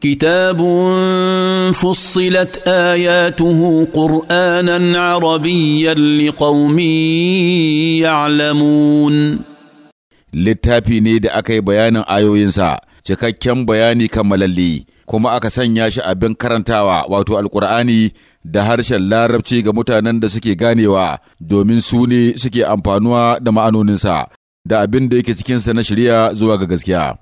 كتاب فصلت اياته قرانا عربيا لقوم يعلمون littafi ne da aka yi bayanin ayoyinsa cikakken bayani kammalalle kuma aka sanya shi abin karantawa wato alkur'ani da harshen larabci ga mutanen da suke ganewa domin su ne suke amfanuwa da ma'anoninsa da abin da yake cikinsa na shirya zuwa ga gaskiya